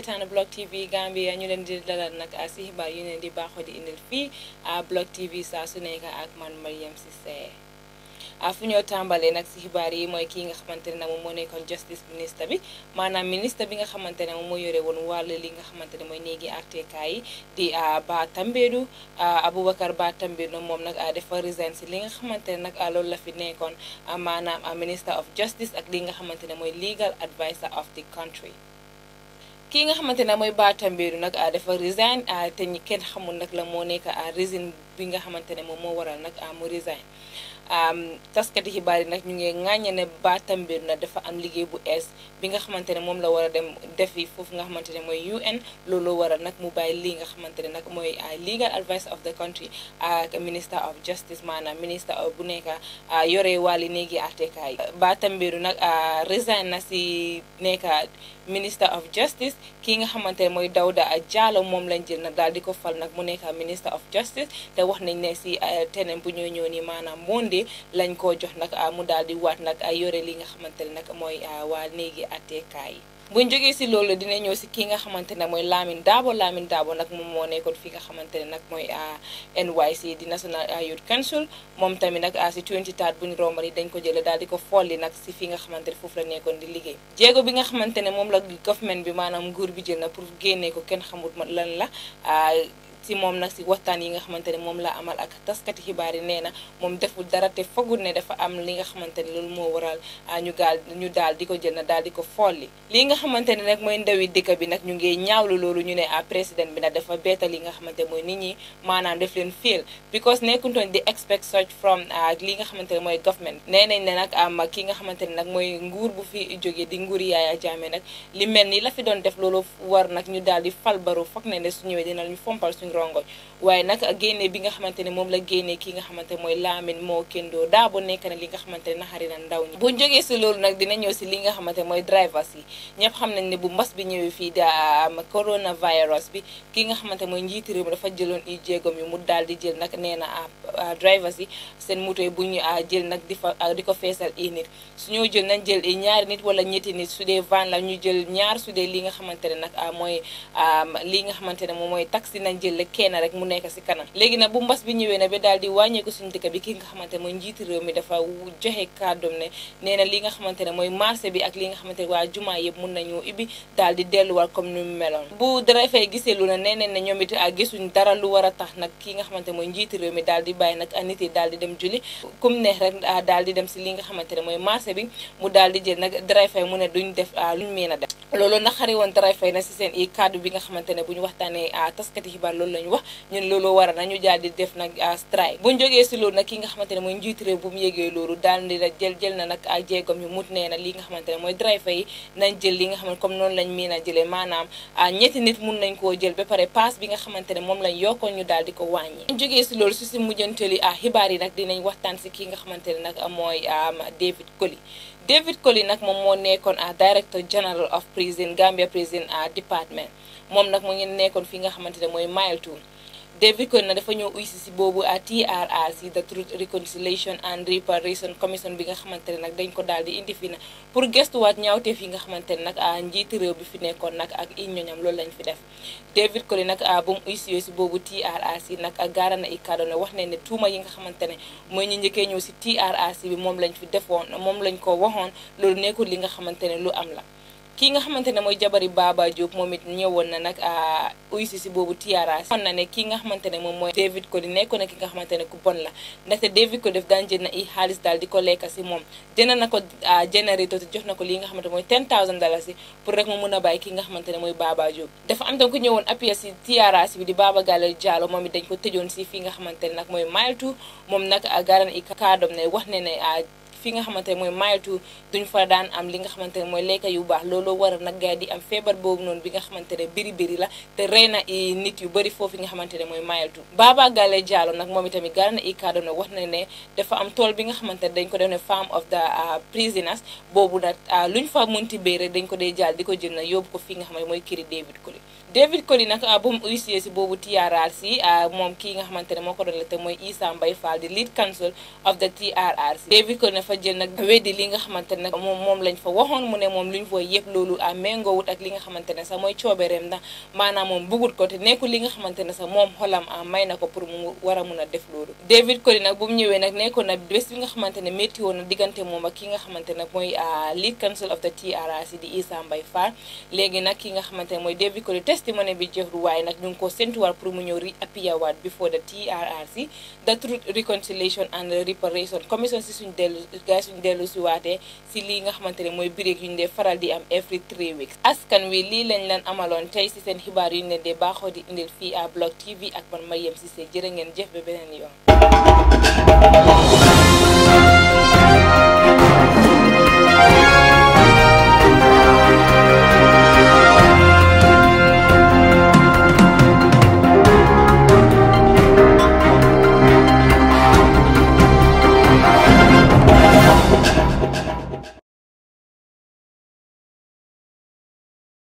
seetaan Block TV Gambia ñu leen di dalal nag si xibaar yu leen di baaxoo di indil fii à Block TV saa su nekk ak man Mariam Ceesay fu ñoo tàmbalee nag si xibaar yi mooy kii nga xamante ne nag moom moo nekkoon justice ministre bi maanaam ministre bi nga xamante ne moom moo yore woon wàll li nga xamante ne néegi àttekaay yi di Bah Tambadou Aboubacar Bah Tambadou moom nag dafa resign si li nga xamante ne nag loolu la fi nekkoon maanaam minister of justice ak li nga xamante ne mooy legal adviser of the country kii nga xamante ne mooy Bata Mbirou nag ah, dafa resign ah, te ñi kenn xamul nag la moo nekk à ah, résine bi nga xamante ne moom moo waral nag mu resign taskati xibaar yi nag ñu ngi ŋàññe ne baatam mbir na dafa am liggéey bu ees bi nga xamante ne moom la war a dem defi foofu nga xamante ne mooy UN loolu waral nag mu bàyyi lii nga xamante ne nag mooy ah, legal advice of the country ak minister of maanaam minister bu nekk ah, yore wàlli néegi àttekaay baatam mbir nag ah, resign na si nekk minister of justice kii nga xamante ne mooy Dawda Jallow moom lañ jël nag daal di ko fal nag mu nekk minister of justice te wax nañ ne si teneen bu ñoo ñëw nii maanaam moonde bi lañ ko jox nag ah, mu daal di waat nag ah, yore li nga xamante ne nag mooy ah, waa néegi àtteekaay yi. buñ jógee si loolu dina ñëw si kii nga xamante ne mooy Lamin Dabo Lamin Dabo nag moom moo nekkoon fi nga xamante ne nag mooy NYC di National Youth Council moom tamit nag si 23 buñ rombal yi dañ ko jëlee daal di ko folli nag si fi nga xamante ne foofu la nekkoon di liggéey jéego bi nga xamante ne moom la government bi maanaam nguur bi jël na pour génnee ko kenn xamut lan la si moom nag si waxtaan yi nga xamante ne moom la amal ak taskati xibaar yi nee na moom deful dara te fagul ne dafa am li nga xamante ne loolu moo waral ah, ñu gaal ñu daal di ko jël daal di ko folli lii nga xamante ne nag mooy ndawi dëkk bi nag ñu ngi ñaawlu loolu ñu ne ah président bi nag dafa beeta li nga xamante mooy nit ñi maanaam def leen fiil because nekkuntoon di expect such from ah, li nga xamante ne mooy government nee nañ ne nag am ah, ki nga xamante ne nag mooy nguur bu fi jógee di nguur yaay a Jammeh nag li mel ni la fi doon def loolu war nag ñu daal di fal baro foog ne ne su ñëwee dina ñu fompal suñu rongoñ waaye nag génne bi nga xamante ne moom la génne ki nga xamante ne mooy Lamine moo Kendo Dabo nekk na li nga xamante ne naxari na ndaw ñi bu jógee si ne mooy drivers yi ñëpp xam nañ ne bu mbas bi ki nga xamante mooy njiiti réew mi dafa jëloon i jéegom yi mu di jël nag nee na ah, ah, drivers yi seen moto yi bu ñu ah, jël di fa di ko feesal i nit suñoo jël nañ i ñaari nit wala ñetti nit su dee van la ñu li nga xamante ne nag mooy li nga xamante ne moom mooy taxi nañ jël jàppale kenn rek mu nekk si kanam léegi nag bu mbas bi ñëwee na ba daal wàññeeku suñu dëkk bi ki nga xamante ne mooy njiiti réew mi dafa joxe kàddoom ne nee na li nga xamante ne mooy marché bi ak li nga xamante ne waa jumaa yëpp mun nañu ibbi daal di delluwaat mu meloon ah, a tax nag ki nga xamante mooy njiiti réew mi di bàyyi nag nit yi di dem julli kum neex rek ah, daal di li nga xamante ne mooy marché bi mu daal di jël nag dara fay mu ne duñ def ah, luñ mën a def loolu nag xari woon dara fay na seen i kàddu bi nga xamante ne bu ñu waxtaanee taskati xibaar loolu loolu lañu wax ñun loolu war nañu daal di def nag ah, strike buñ jógee si loolu nag ki nga xamante ne mooy njiitu réew bu mu yégee loolu daal di jël jël na nag ak jéegom yu mut nee na li nga xamante ne mooy driver yi nañ jël li nga xamante comme noonu lañ miin jëlee maanaam ah, nit mun nañ koo jël ba pare paas bi nga xamante ne moom lañ yokkoon ñu daal di ko wàññi buñ jógee si loolu su si mujjanteli ah, xibaar yi nag dinañ waxtaan si ki nga xamante ne nag mooy David Colley David Colley nag moom moo nekkoon a director general of prison Gambia prison department moom nag mu ngeen nekkoon fi nga xamante ne mooy Mile 2 David Koné dafa ñëw uy si si boobu à TRRC the Truth Reconciliation and Reparation Commission bi nga xamante ne nag dañ ko daal di indi fi na pour gestuwaat ñaawteef yi nga xamante ne nag ah, njiiti réew bi fi nekkoon nag ak i ñoñam loolu lañ fi def David Koné nag ah, bu mu uy si yooyu si boobu TRRC nag gaara na i kàddu ne wax ne ne tuuma yi nga xamante ne mooy ñu njëkkee ñëw si TRRC bi moom lañ fi defoon moom lañ ko waxoon loolu nekkul li nga xamante ne lu am la kii nga xamante ne mooy jabari Baba Diop moom it ñëwoon na nag uy si si boobu tiyaaraas xon na kii nga xamante ne moom mooy David Kody nekkoon na xamante ne ku bon la ndaxte David Kody i xaalis daal di na ko générito te jox na ko lii nga xamante mooy ten thousand dollars si a bàyyi ki nga xamante ne mooy Baba Diop dafa am tam moom dañ ko tëjoon si fii nga xamante ne nag mooy mile two moom nag garan i kaadom ne wax ne ne fii nga xamante ne mooy Mile 2 duñ fa daan am li nga xamante ne mooy lekk yu baax looloo waral nag gars yi di am feebar boobu noonu bi nga xamante ne biri biri la te rey na nit yu bëri foofu nga xamante ne mooy Mile 2 Baba Gale Jallow nag moom itamit garan na kaa kàddu na wax na ne dafa am tool bi nga xamante ne dañ ko def ne farm of the uh, prisoners boobu nag uh, luñ fa munti béy rek dañ ko dee jaal di ko jël na yóbbu ko fii nga xam ne mooy kiri David Colley David Kony nag ah, bu mu uysee si boobu TRRC ah, moom kii nga xamante ne moo ko doon la mooy Issa Mbaye Fall di lead counsel of the TRRC David Kony li nga xamante ne nag moom moom lañ fa waxoon mu ne moom luñ fooy yëpp loolu a ah, méngoowut ak li nga xamante ne sax mooy coobereem ndax maanaam moom bugut ko te li nga xamante ne sax moom xolam a may na ko pour mu war mun a def loolu David Kony nag bu mu ñëwee nag nekkoon na bés bi nga xamante ne métti na diggante moom ak ki nga xamante nag mooy lead counsel of the TRRC di Issa Mbaye Fall léegi nag ki nga xamante ne mooy David Kony testimony bi jeexul nag ñu ngi ko séntuwaat pour mu ñëw re-appear waat before the TRRC the Truth Reconciliation and Reparation commission si suñ dellu gaay suñ dellu si waatee si lii nga xamante ne mooy bireeg yu ñu dee faral di am every three weeks askan wi lii lañ leen amaloon tey si seen xibaar yu ne leen dee baaxoo di indi fii à Block TV ak man Mariam seen jërë ngeen jëf ba beneen yoon